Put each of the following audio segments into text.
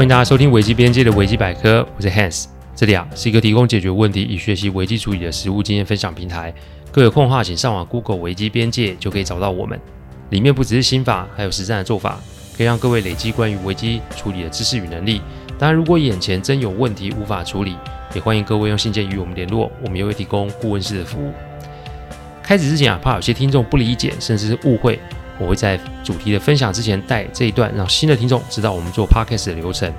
歡迎大家收聽《危機邊界》的《危機百科》，我是 Hans，這裡啊是一個提供解決問題與學習危機處理的實務經驗分享平台。各位有空的話請上網 google“ 危機邊界”就可以找到我們，裡面不只是心法，還有實戰的做法，可以讓各位累積關於危機處理的知識與能力。當然，如果眼前真有問題無法處理，也歡迎各位用信件與我們聯絡，我們也會提供顧問式的服務。開始之前啊，怕有些聽眾不理解，甚至是誤會。我會在主題的分享之前帶這一段，讓新的聽眾知道我們做 Podcast 的流程。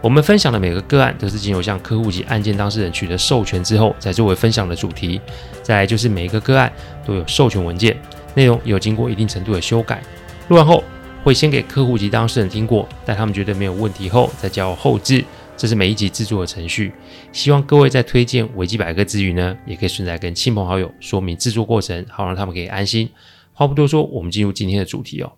我們分享的每個個案都是經由向客戶及案件當事人取得授權之後再作為分享的主題。再來就是每一個個案都有授權文件，內容也有經過一定程度的修改。錄完後會先給客戶及當事人聽過，待他們覺得沒有問題後再交後制。這是每一集制作的程序。希望各位在推薦維基百科之餘呢，也可以順帶跟親朋好友說明制作過程，好讓他們可以安心。話不多說，我們進入今天的主題哦。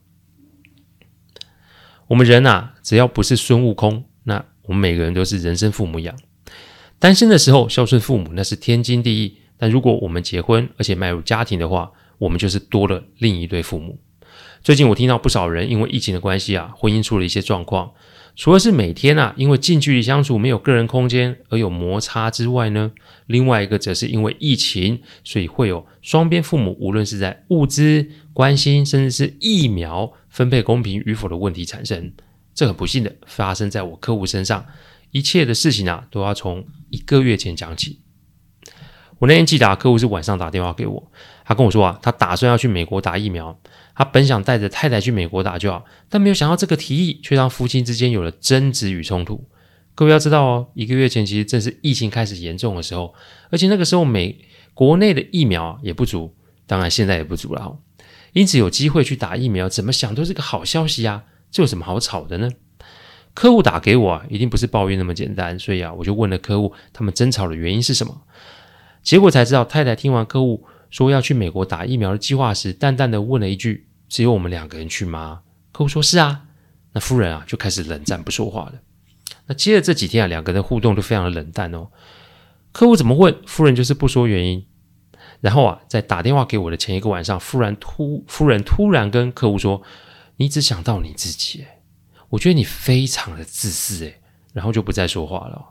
我們人啊，只要不是孫悟空，那我們每個人都是人生父母養。單身的時候孝順父母那是天經地義，但如果我們結婚而且邁入家庭的話，我們就是多了另一對父母。最近我聽到不少人因為疫情的關係啊，婚姻出了一些狀況。除了是每天啊因為近距離相處沒有個人空間而有摩擦之外呢，另外一個則是因為疫情，所以會有雙邊父母無論是在物資關心，甚至是疫苗分配公平與否的問題產生。這很不幸的發生在我客戶身上。一切的事情啊，都要從一個月前講起。我那天記得啊，客戶是晚上打電話給我，他跟我說啊，他打算要去美國打疫苗。他本想帶着太太去美國打疫苗，但沒有想到這個提議卻讓夫妻之間有了爭執與衝突。各位要知道哦，一個月前其實正是疫情開始嚴重的時候，而且那個時候美國內的疫苗也不足，當然現在也不足了哦。因此有機會去打疫苗，怎麼想都是個好消息啊！這有什麼好吵的呢？客戶打給我啊，一定不是抱怨那麼簡單，所以啊，我就問了客戶，他們爭吵的原因是什麼？結果才知道，太太聽完客戶說要去美國打疫苗的計劃時，淡淡的問了一句：“只有我們兩個人去嗎？”客戶說是啊，那夫人啊就開始冷戰不說話了。那接着這幾天啊，兩個人的互動都非常的冷淡哦。客戶怎麼問，夫人就是不說原因。然後啊，在打電話給我的前一個晚上，夫人突夫人突然跟客戶說：“你只想到你自己欸，我覺得你非常的自私欸，誒，然後就不再說話了哦。”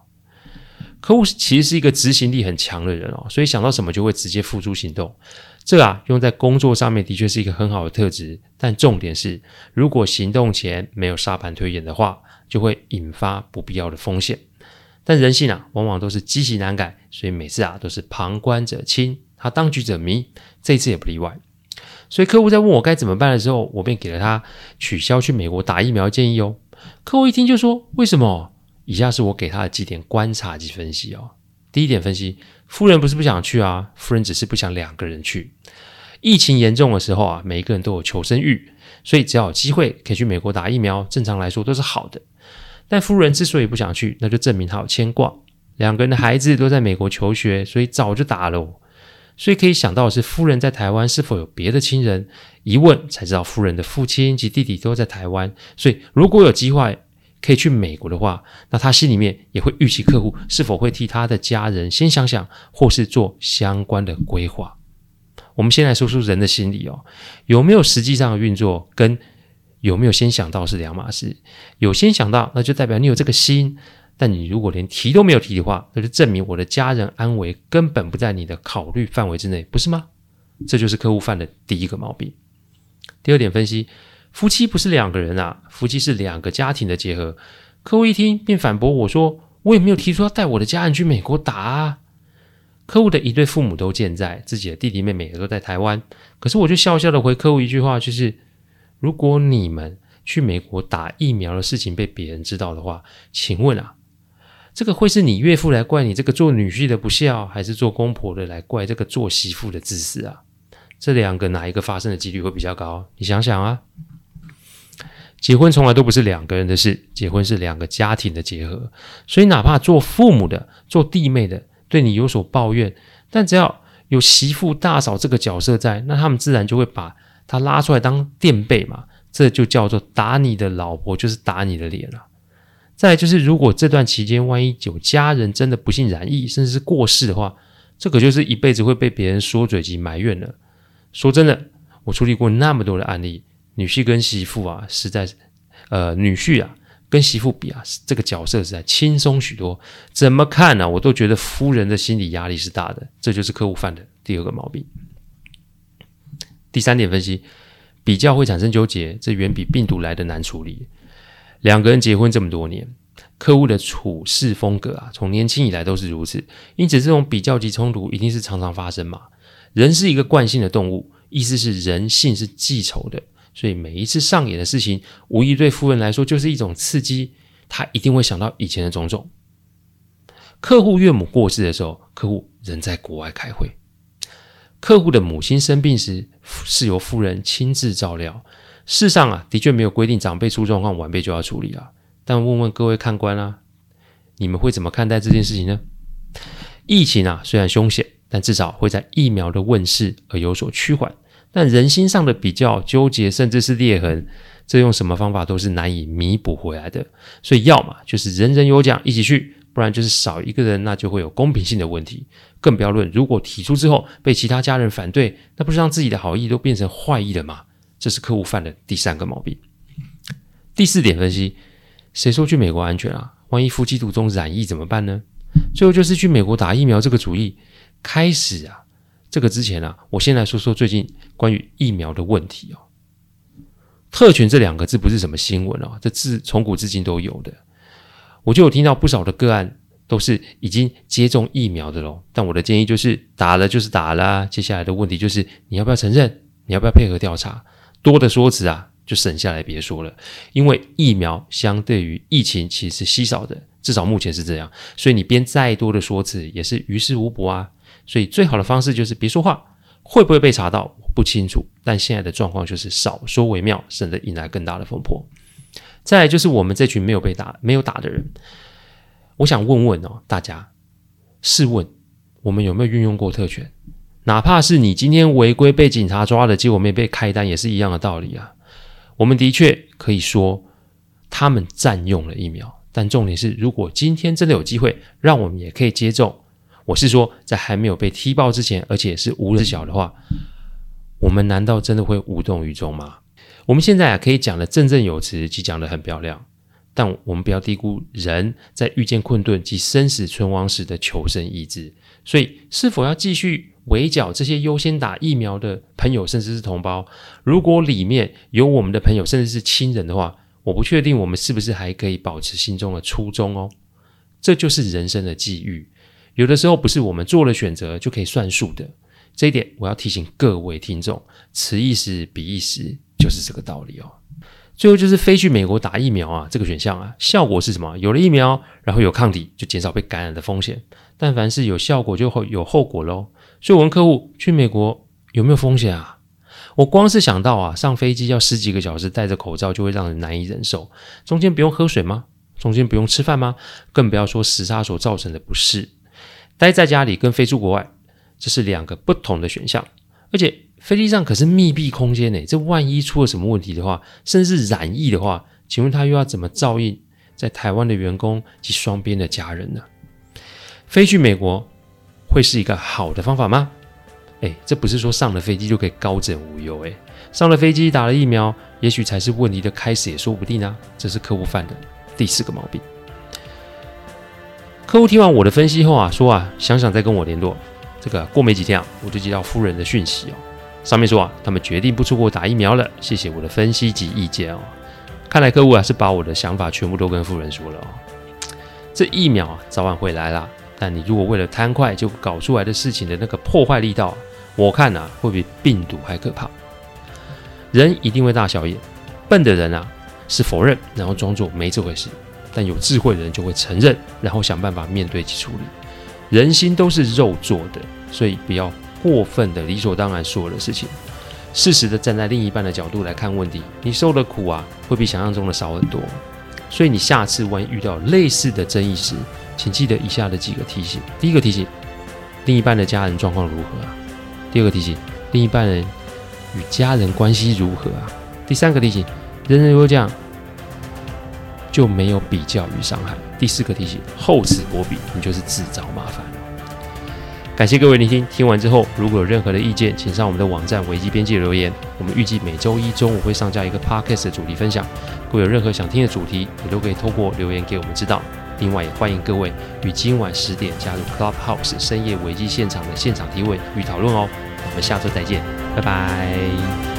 客戶其實是一個執行力很強的人哦，所以想到什麼就會直接付諸行動。這啊，用在工作上面的確是一個很好的特質。但重點是，如果行動前沒有沙盤推演的話，就會引發不必要的風險。但人性啊，往往都是積習難改，所以每次啊都是旁觀者清，他當局者迷。這次也不例外。所以客戶在問我該怎麼辦的時候，我便給了他取消去美國打疫苗建議哦。客戶一聽就說：為什麼？以下是我給他的幾點觀察及分析哦。第一點分析，夫人不是不想去啊，夫人只是不想兩個人去。疫情嚴重的時候啊，每一個人都有求生欲，所以只要有機會可以去美國打疫苗，正常來說都是好的。但夫人之所以不想去，那就證明她有牽掛。兩個人的孩子都在美國求學，所以早就打了。所以可以想到的是，夫人在台灣是否有別的親人？一問才知道，夫人的父親及弟弟都在台灣。所以如果有機會，可以去美國的話，那他心裡面也會預期客戶是否會替他的家人先想想，或是做相關的規劃。我們先來說說人的心理哦，有沒有實際上的運作跟有沒有先想到是兩碼事。有先想到，那就代表你有這個心；但你如果連提都沒有提的話，那就證明我的家人安危根本不在你的考慮範圍之內，不是嗎？這就是客戶犯的第一個毛病。第二點分析。夫妻不是兩個人啊，夫妻是兩個家庭的結合。客戶一聽便反駁我說：“我也沒有提出要帶我的家人去美國打啊。”客戶的一對父母都健在，自己的弟弟妹妹也都在台灣。可是我就笑笑的回客戶一句話，就是：“如果你們去美國打疫苗的事情被別人知道的話，請問啊，這個會是你岳父來怪你這個做女婿的不孝，還是做公婆的來怪這個做媳婦的自私啊？這兩個哪一個發生的幾率會比較高？你想想啊。”結婚從來都不是兩個人的事，結婚是兩個家庭的結合。所以，哪怕做父母的、做弟妹的對你有所抱怨，但只要有媳婦大嫂這個角色在，那他們自然就會把他拉出來當墊背嘛。這就叫做打你的老婆，就是打你的臉了啊。再來就是，如果這段期間萬一有家人真的不幸染疫，甚至是過世的話，這可就是一輩子會被別人說嘴及埋怨了。說真的，我處理過那麼多的案例。女婿跟媳婦啊，實在，呃，女婿啊跟媳婦比啊，這個角色實在輕鬆許多。怎麼看呢、啊？我都覺得夫人的心理壓力是大的，這就是客戶犯的第二個毛病。第三點分析，比較會產生糾結，這遠比病毒來得難處理。兩個人結婚這麼多年，客戶的處事風格啊，從年輕以來都是如此，因此這種比較級衝突一定是常常發生嘛。人是一個慣性的動物，意思是人性是記仇的。所以每一次上演的事情，無疑對夫人來說就是一種刺激。她一定會想到以前的種種。客戶岳母過世的時候，客戶仍在國外開會；客戶的母親生病時，是由夫人親自照料。世上啊，的確沒有規定長輩出狀況，晚輩就要處理了啊。但問問各位看官啊，你們會怎麼看待這件事情呢？疫情啊，雖然兇險，但至少會在疫苗的問世而有所趨緩。但人心上的比較糾結，甚至是裂痕，這用什麼方法都是難以彌補回來的。所以，要麼就是人人有獎一起去，不然就是少一個人，那就會有公平性的問題。更不要論，如果提出之後被其他家人反對，那不是讓自己的好意都變成壞意了嗎？這是客戶犯的第三個毛病。第四點分析：誰說去美國安全啊？萬一夫妻途中染疫怎麼辦呢？最後就是去美國打疫苗這個主意，開始啊。這個之前啊，我先來說說最近關於疫苗的問題哦。特權這兩個字不是什麼新聞哦，這字從古至今都有的。我就有聽到不少的個案都是已經接種疫苗的咯。但我的建議就是打了就是打了，接下來的問題就是你要不要承認，你要不要配合調查？多的說辭啊，就省下來別說了。因為疫苗相對於疫情其實是稀少的，至少目前是這樣，所以你編再多的說辭也是於事無補啊。所以最好的方式就是別說話，會不會被查到不清楚。但現在的狀況就是少說為妙，省得引來更大的風波。再來就是我們這群沒有被打、沒有打的人，我想問問哦，大家，試問我們有沒有運用過特權？哪怕是你今天違規被警察抓了，結果沒被開單，也是一樣的道理啊。我們的確可以說他們佔用了疫苗，但重點是，如果今天真的有機會，讓我們也可以接種。我是說，在還沒有被踢爆之前，而且是無人知曉的話，嗯、我們難道真的會無動於衷嗎？我們現在可以講的振振有詞，即講得很漂亮，但我們不要低估人在遇見困頓及生死存亡時的求生意志。所以，是否要繼續圍剿這些優先打疫苗的朋友，甚至是同胞？如果裡面有我們的朋友，甚至是親人的話，我不確定我們是不是還可以保持心中的初衷哦。這就是人生的際遇。有的時候不是我們做了選擇就可以算數的，這一點我要提醒各位聽眾：此一時彼一時，就是這個道理哦。最後就是飛去美國打疫苗啊，這個選項啊，效果是什麼？有了疫苗，然後有抗體，就減少被感染的風險。但凡是有效果，就會有後果嘍。所以，我問客戶去美國有沒有風險啊？我光是想到啊，上飛機要十幾個小時，戴着口罩就會讓人難以忍受。中間不用喝水嗎？中間不用吃飯嗎？更不要說時差所造成的不適。待在家裡跟飛出國外，這是兩個不同的選項。而且飛機上可是密閉空間呢、欸，這萬一出了什麼問題的話，甚至染疫的話，請問他又要怎麼照應在台灣的員工及雙邊的家人呢、啊？飛去美國會是一個好的方法嗎？哎、欸，這不是說上了飛機就可以高枕無憂哎、欸，上了飛機打了疫苗，也許才是問題的開始，也說不定啊。這是客戶犯的第四個毛病。客戶聽完我的分析後啊，說啊，想想再跟我聯絡。這個過沒幾天啊，我就接到夫人的訊息哦，上面說啊，他們決定不出國打疫苗了，謝謝我的分析及意見哦。看來客戶啊是把我的想法全部都跟夫人說了哦。這疫苗啊早晚會來啦，但你如果為了貪快就搞出來的事情的那個破壞力道，我看吶、啊，會比病毒還可怕。人一定會大小眼，笨的人啊是否認，然後裝作沒這回事。但有智慧的人就會承認，然後想辦法面對及處理。人心都是肉做的，所以不要過分的理所當然所有的事情。適時的站在另一半的角度來看問題，你受的苦啊，會比想象中的少很多。所以你下次萬一遇到類似的爭議時，請記得以下的幾個提醒：第一個提醒，另一半的家人狀況如何啊？第二個提醒，另一半人與家人關係如何啊？第三個提醒，人人都這樣，就沒有比較與傷害。第四個提醒：厚此薄彼，你就是自找麻煩。感謝各位聆聽，聽完之後如果有任何的意見，請上我們的網站危機邊界留言。我們預計每周一中午會上架一個 podcast 的主題分享。如果有任何想聽的主題，也都可以透過留言給我們知道。另外，也歡迎各位於今晚十點加入 Clubhouse 深夜危機現場的現場提問與討論哦。我們下周再見，拜拜。